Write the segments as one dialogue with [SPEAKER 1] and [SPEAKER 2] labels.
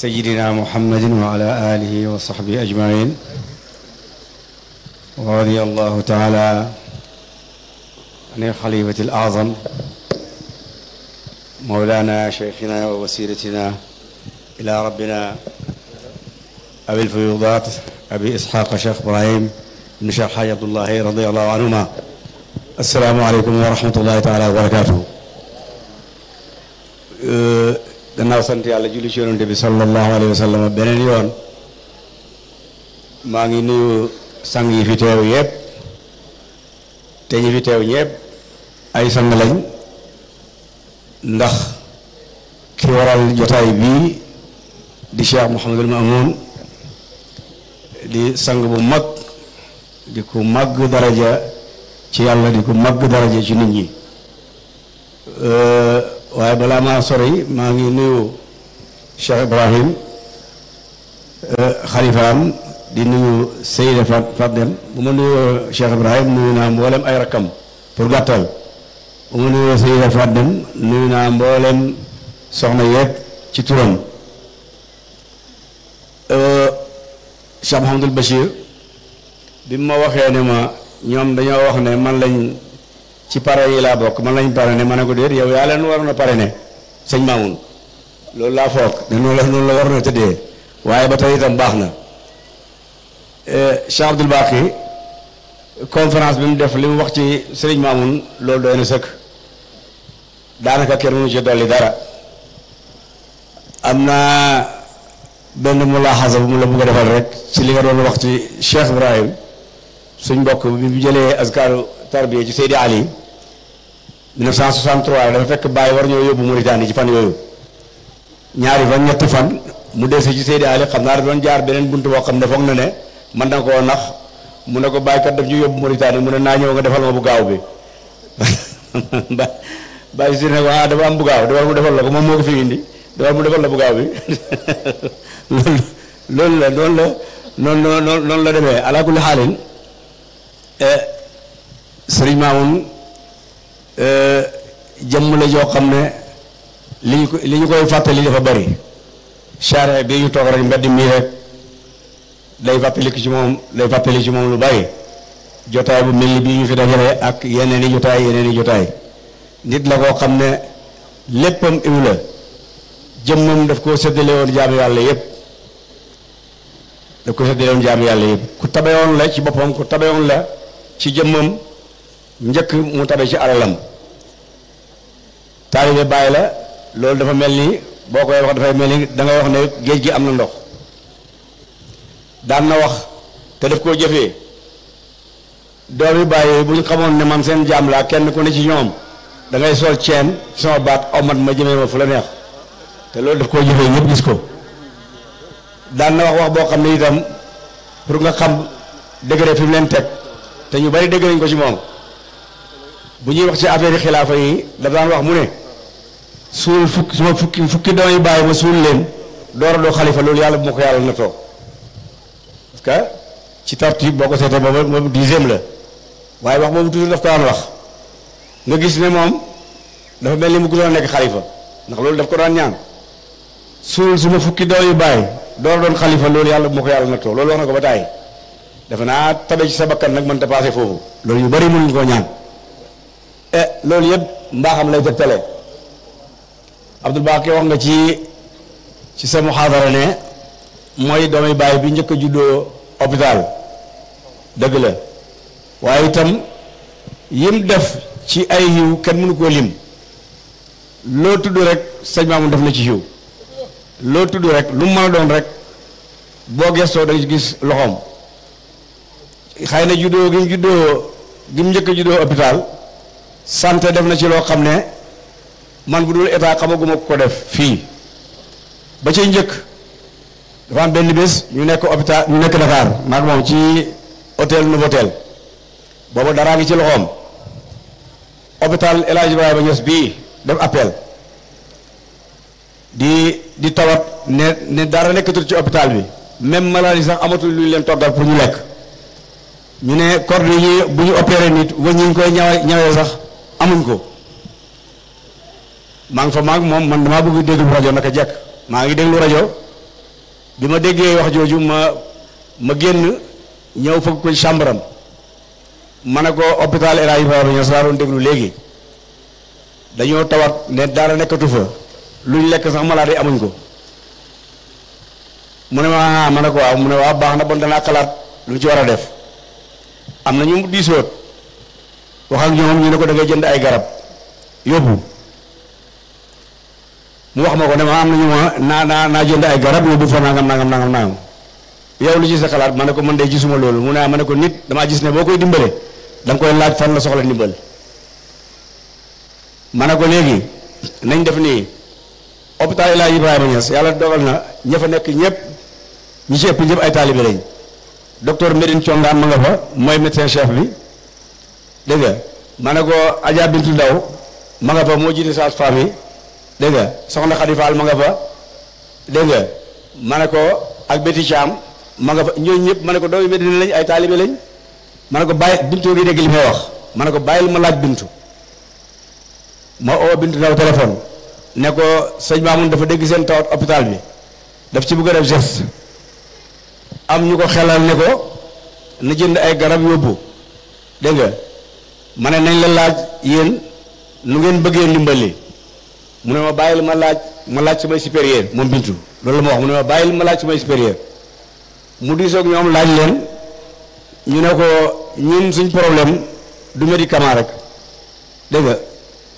[SPEAKER 1] sayidina muhammadin wa ala alihi wa sahbihi ajmain wa radiya allahu taala an alxalifati alazam mawlana cheikhina wa wasilatina ila rabbina abi lfuyudat abi isxaqa cheikh ibrahim ibn cheikh xaaj abdullahi radiallahu anhuma assalaamu aleykum wa rahmatullahi taala wa barakatuhu uh, ginnaaw sant yàlla julli ci yonante bi sallallahu alayhi wa beneen yoon maa ngi nuyu sang yi fi teew yëpp te ñi fi teew ñëpp ay sang lañ ndax ki waral jotaay bii di Cheikh Mouhamadul Mamoun di sang bu mag di ku màgg daraja ci yàlla di ku màgg daraja ci nit ñi euh, waaye balaa maa sori maa ngi nuyu Cheikh Ibrahim eh, xalifaam di nuyu Seyda Fadel bu ma nuyu naa mboolem ay nuyu naa mboolem soxna yeeg ci turam eh, Cheikh Mouhamadul Bachir bi ma waxee ne ma ñoom dañoo wax ne man lañ ci pare yi laa bokk man lañ ne ma ne ko déet yow yaa leen waroon a parrainé sëñ Mamoun loolu laa foog ne noonu la noonu la war na tëddee waaye ba tey itam baax na eh, Cheikh Abdoul Baqi conférence bi mu def li mu wax ci sëriñ Mamoun loolu doy na sëkk daanaka kenn mënu ci dolli dara am na benn mulaaxasa bu mu la bëgg a defal rek ci li nga doon wax ci Cheikh Ibrahim suñ mbokk bi mu jëlee askaru tarbiya ci Seydi Ali 1963 dafa fekk Baye war ñoo yóbbu Mauritanie ci fan yooyu ñaari fan ñetti fan mu dese ci Seydi Ali xam naa da doon jaar beneen bunt boo xam ne foog na ne man na koo nax mu ne ko Baye kat daf ñu yóbbu Mauritanie mu ne naa ñëw nga defal ma bu gaaw bi Baye si ne ko ah dafa am bu gaaw defal mu defal la ko moom moo ko fi indi defal mu defal la bu gaaw bi loolu la loolu la noonu noonu noonu la demee alaakulli xaalin eh, sëriñ Mamoun. Euh, jëmm la joo xam ne li ñu ko li koy fàttali dafa bari charret bi ñu toog rek mbedd mii rek day fàttali ci moom day fàttali ci moom lu bari jotaay bu mel ni bii ñu fi dajale ak yeneen i jotaay yeneen i jotaay nit la koo xam ne léppam iw la jëmmam def koo séddale woon jaamu yàlla yëpp daf ko séddale woon jaamu yàlla yëpp ku tabewoon la ci boppam ku tabewoon la ci jëmmam njëkk mu tabe ci alalam taalibe bàyyi la loolu dafa mel ni boo koy wax dafay mel ni da ngay wax ne géej gi am na ndox daan na wax te daf koo jëfee doomi bàyyi bu ñu xamoon ne man seen jaam laa kenn ku ne ci ñoom dangay sol ceen sama baat omat oh, ma jëmee ma fu la neex te loolu daf koo jëfee ñëpp gis ko daan na wax wax boo xam ne itam pour nga xam degré fim mu leen teg te ñu bari dégg nañ ko ci moom bu ñuy wax ci affaire yi xilaafa yi daf daan wax mu ne suul fukki suma fukki fukki yi bàyyi ma suul leen door a xalifa loolu yàlla bu ma ko yàlla na ci tartib boo ko seetee booba moom dixième la waaye wax boobu toujours daf ko daan wax nga gis ne moom dafa mel ni mu gudoon nekk xalifa ndax loolu daf ko daan ñaan suul ma fukki damay bàyyi door doon xalifa loolu yàlla bu ma ko yàlla na too loolu wax na ko ba tàyyi dafa naa tabe ci sa bakkan nag mën ta passé foofu loolu yu bari mënuñ koo ñaan eh loolu yëpp mbaaxam lay tegtalee Abdul Baaqi wax nga ci ci sa muxaadara ne mooy doomi baay bi njëkk a juddoo hôpital dëgg la waaye itam yim def ci ay yiw kenn mënu koo lim loo tudd rek sëñ Maamun def na ci yiw loo tudd rek lu mu mën a doon rek boo gestoo da ci gis loxoom xëy na juddoo gi mu juddoo gi mu njëkk a juddoo hôpital santé def na ci loo xam ne man bu dul état xamaguma ko def fii ba ci njëkk dafa am benn bés ñu nekk hôpital ñu nekk Dakar maag moom ci hôtel Novotel boobu daraa ngi ci loxoom hôpital El Hadj Ibrahima Niass bii def appel di di tawat ne ne dara nekkatul ci hôpital bi même maladie sax amatul lu ñu leen toggal pour ñu lekk ñu ne corde yi bu ñu opéré nit wëñ ñu koy ñawe ñawee sax amuñ ko maa ngi fa maag moom man damaa bëgg déglu rajo naka jekk maa ngi déglu rajo bi ma déggee wax jooju ma ma génn ñëw fekk ko chambre am ne ko hôpital El Hadj Ibrahima Niass laa doon déglu léegi dañoo tawat ne dara nekkatu fa luñ lekk sax malade yi amuñ ko mu ne ma ah ma ne ko waaw mu ne waaw baax na bon danaa xalaat lu ci war a def am na ñu diisoot wax ak ñoom ñu ne ko da ngay jënd ay garab yóbbu. mu wax ma ko ne ma am nañu ma naa naa naa jënd ay garab yóbbu fa nangam nangam nangam nangam yow lu ci sa xalaat ma ne ko mën de gisuma loolu mu ne ah, ma ne ko nit damaa gis ne boo koy dimbale da koy laaj fan la soxla ndimbal ne ko léegi nañ def nii hôpital El Hadj Ibrahima Niass yàlla dogal na ña fa nekk ñëpp ñi ci ëpp ñëpp ay taalibe lañ docteur Medine Thiongaan ma fa mooy médecin chef bi dégg nga ma ne ko Adja Bintu Ndaw ma fa moo jiite sage-femme dégg nga soxna xadifaal ma nga fa dégg nga ma ne ko ak béti caam ma nga fa ñooñu ñëpp ma ne ko doomi Medina lañ ay taalibe lañ ma ne ko bàyyi bintu ngi dégg li may wax ma ne ko bàyyil ma laaj bintu ma oo bintu ndaw téléphone ne ko sëñ Mamoun dafa dégg seen tawat hôpital bi daf ci bëgg a def geste am ñu ko xelal ne ko na jënd ay garab yóbbu dégg nga ma ne nañ la laaj yéen nu ngeen bëggee li mu ne ma bàyyil ma laaj ma laaj samay supérieur moom bintu loolu la ma wax mu ne ma bàyyil ma laaj samay supérieur mu diisoog ñoom laaj leen ñu ne ko ñun suñ problème du médicament rek dégg nga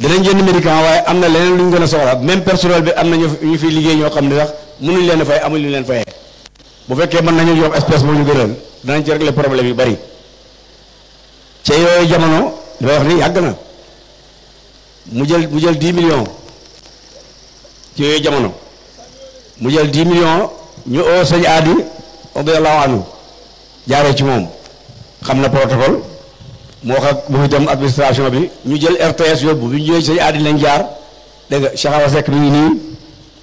[SPEAKER 1] danañ jënd médicament waaye am na leneen lu ñu gën a soxla même personnel bi am na ñu fi liggéey ñoo xam ne sax mënuñ leen fay amuñ leen fayee bu fekkee mën nañu jox espèce moom ñu gënal danañ ci régler problème yu bari ca yooyu jamono dafay wax ni yàgg na mu jël mu jël 10 millions ci yooyu jamono mu jël 10 millions ñu oo sëñ aadi radiyallahu anhu jaaree ci moom xam na protocole mu wax ak mu itam administration bi ñu jël RTS yóbbu bi ñu ñëwee sëñ aadi lañ jaar dégg nga Cheikh Awa Seck mi ngi nii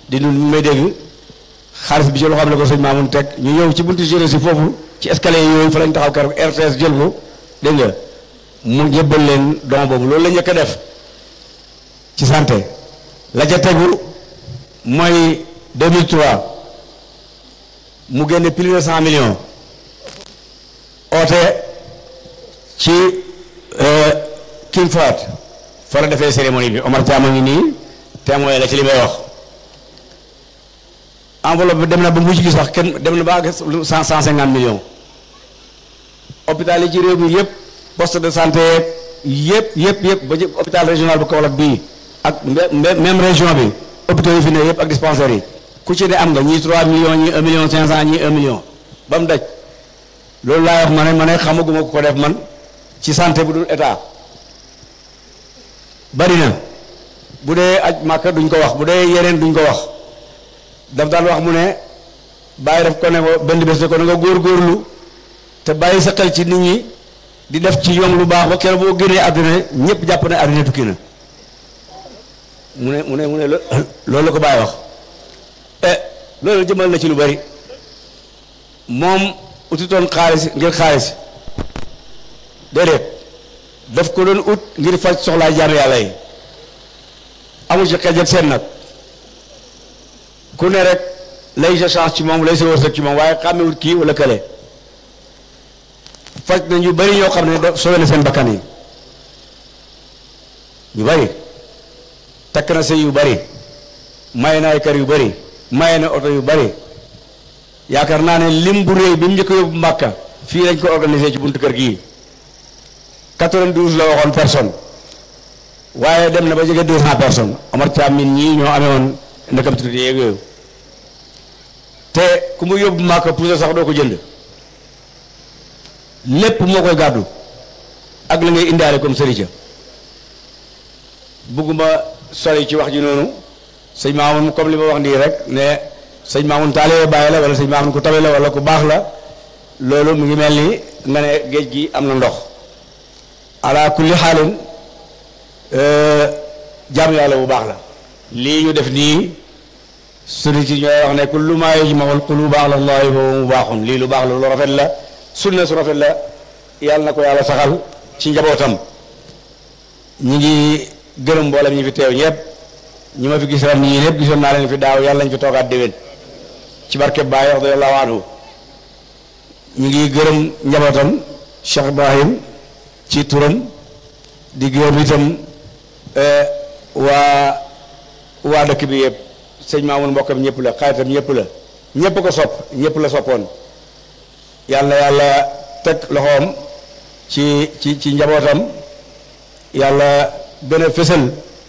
[SPEAKER 1] di nu mu may dégg xaalis bi ci loxoom la ko sëñ Mamoun teg ñu ñëw ci buntu jeunesse si foofu ci escalier yooyu fa lañ taxaw keroog RTS jël ko dégg nga mu jébbal leen don boobu loolu la njëkk a def ci santé la ca tegu. mooy 2003 mu génne plus de cent million oote ci euh, King Fahd fa la defee cérémonie bi Omar Thiam a ngi nii témoin la ci li may wax enveloppe bi dem na ba mujj gi sax kenn dem na ba lu cent cent cinquante millions hôpital yi ci réew mi yëpp poste de santé yëpp yëpp yëpp ba ci hôpital régional bu Kaolack bii ak même région bi hôpitaux yi fi ne yëpp ak dispensaires yi ku ci ne am nga ñii 3 millions ñii 1 million 500 ñii 1 million ba mu daj loolu laay wax ma ne ma ne xamaguma ko def man ci santé bu dul état bari na bu dee aj màkka duñ ko wax bu dee yeneen duñ ko wax daf daan wax mu ne bàyyi daf ko ne ko benn bés ne ko ne nga góorgóorlu te bàyyi sa xel ci nit ñi di def ci yoon lu baax ba keroog boo génnee àdduna ñëpp jàpp ne àdduna tukki na. mu ne mu ne mu ne loolu la ko bàyyi wax eh, loolu jëmal na ci lu bari moom utitoon xaalis ngir xaalis déedéet def ko doon ut ngir faj soxlaa jaam yàlla yi amul ci xejat seen nag ku ne rek lay sa chance ci moom lay sa wërsëg ci moom waaye xàmmewut kii wala kële faj na ñu bari ñoo xam ne da sowe na seen bakkan yi ñu bari takk na sëy yu bari may na ay kër yu bari may na oto yu bari yaakaar naa ne lim bu réy bi mu njëkk yóbbu Màkka fii lañ ko organisé ci buntu kër gi 92 la waxoon personne waaye dem na ba jege 200 personnes Omar Thiam min ñii ñoo amee woon ndakam tudd yeeg yooyu te ku mu yóbbu Màkka puso sax doo ko jënd lépp moo koy gàddu ak la ngay indaale comme sëriñ ca bugguma sori ci wax ji noonu sëñ Maamun comme li ma wax nii rek ne sëñ Maamun taalibe Baay la wala sëñ Maamun ku tabe la wala ku baax la loolu mu ngi mel ni nga ne géej gi am na ndox ala kulli xaalin euh, jaam yàlla bu baax la lii def nii sunu ci ñooy wax ne kullu maa yajmaul quluba ala llahi lii lu baax la lu rafet la sunna su rafet la yàlla na ko yàlla saxal ci njabootam ñi ngi gërëm mboolem ñi fi teew ñëpp ñi ma fi gis ren ñii ñëpp gisoon naa leen fi daaw yàlla nañ fi toogaat déwén ci barke Baay radiyallahu anhu ñu ngi gërëm njabootam Cheikh Ibrahim ci turam di gërëm itam eh, waa waa dëkk bi yëpp sëñ Maamun mbokkam ñëpp la xaritam ñëpp la ñëpp ko sopp ñëpp la soppoon yàlla yàlla teg loxoom ci ci ci njabootam yàlla gën a fësal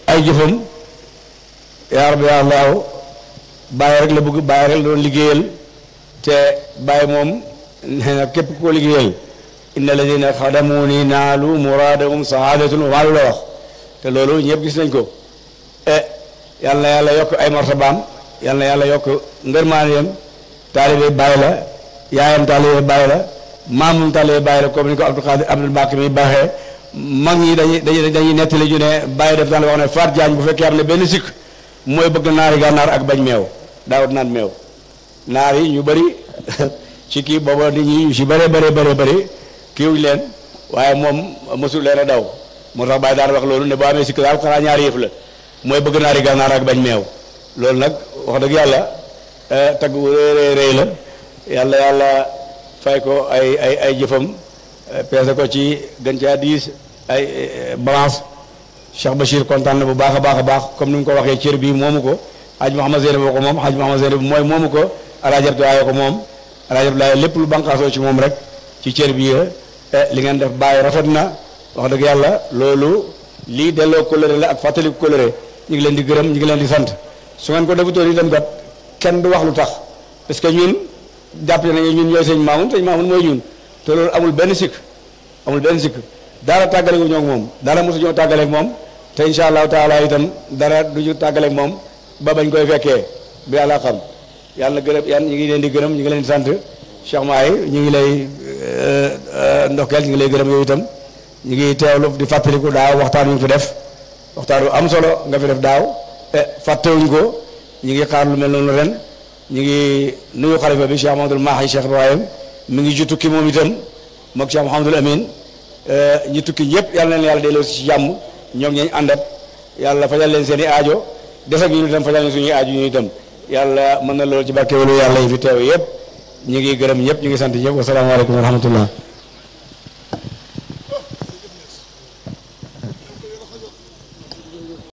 [SPEAKER 1] ay jëfam yaa rabbi yaa laaw bàyyi rek la bugg bàyyi rek la liggéeyal te bàyyi moom nee képp koo liggéeyal inna alladina xadamuni naalu muraadahum sahadatun wàllu la wax te loolu ñëpp gis nañ ko e yal yàlla yokk ay martabaam yal na yàlla yokk ngërmaaniyam taalibe bàyyi la yaayam taalibe bàyyi la maamum taalibe bàyyi la comme ni ko Abdul Xaadir Abdul Bàkk mi baaxee mag ñi dañuy dañuy dañuy nettali ñu ne bàyyi def daan wax ne Faat Jaañ bu fekkee am na benn sikk mooy bëgg naari gànnaar ak bañ meew daawut naan meew yi ñu bëri ci kii booba nit ñi ñu si leen waaye moom mosul leen a daw moo tax bàyyi daan wax loolu ne boo amee sikk daal xanaa ñaari yëf la mooy bëgg naari gànnaar ak bañ meew loolu nag wax dëgg yàlla eh, tagg réy réy la yàlla yàlla fay ko ay ay ay jëfam peese ko ci gën ci hadiis ay eh, balance Cheikh Bachir kontaan na bu baax a baax a baax comme ni mu ko waxee cere bii moomu ko Hadj Mouhamad Zeynab ko moom Hadj Mouhamad Zeynab mooy moomu ko Alaaji Abdoulaye ko moom Alaaji lépp lu banqaasoo ci moom rek ci cër bi eh, li ngeen def bàyyi rafet na wax dëgg yàlla loolu lii delloo coloré la ak fàttali coloré ñu ngi leen di gërëm ñu ngi leen di sant su ngeen ko defutoon itam kat kenn du wax lu tax parce que ñun jàpp nañu ñun ñooy sëñ Maamun sëñ Maamun mooy ñun te loolu amul benn sikk amul benn sikk dara tàggale wu ñoo moom dara mosu ñoo tàggaleeg moom te incha allahu taala itam dara du ñu tàggaleeg moom ba bañ koy fekkee bi yàlla xam yàlla gërëm yàlla ñu ngi leen di gërëm ñu ngi leen di sant Cheikh Maay ñu ngi lay ndox euh, euh, ndokkeel ñu ngi lay gërëm yow itam ñu ngi teewlu di fàttaliku daaw waxtaan wi ñu fi def waxtaan wu am solo nga fi def daaw e, fàttewuñ ko ñu ngi xaar lu mel noonu ren ñu ngi nuyu xalifa bi Cheikh Mamadou Mahi Cheikh Ibrahim mu ngi ju tukki moom itam moog Cheikh Mouhamadul Amin eh, ñi tukki ñëpp yàlla na yàlla delloo si jàmm ñoom ñooñu àndat yàlla fajal leen seen i aajo des ñu ñun itam fajal leen suñuy aajo ñun itam yàlla mën na loolu ci barkeelu yàlla yi fi teew yëpp ñu ngi gërëm ñëpp ñu ngi sant ñëpp wasalaamaaleykum wa rahmatullah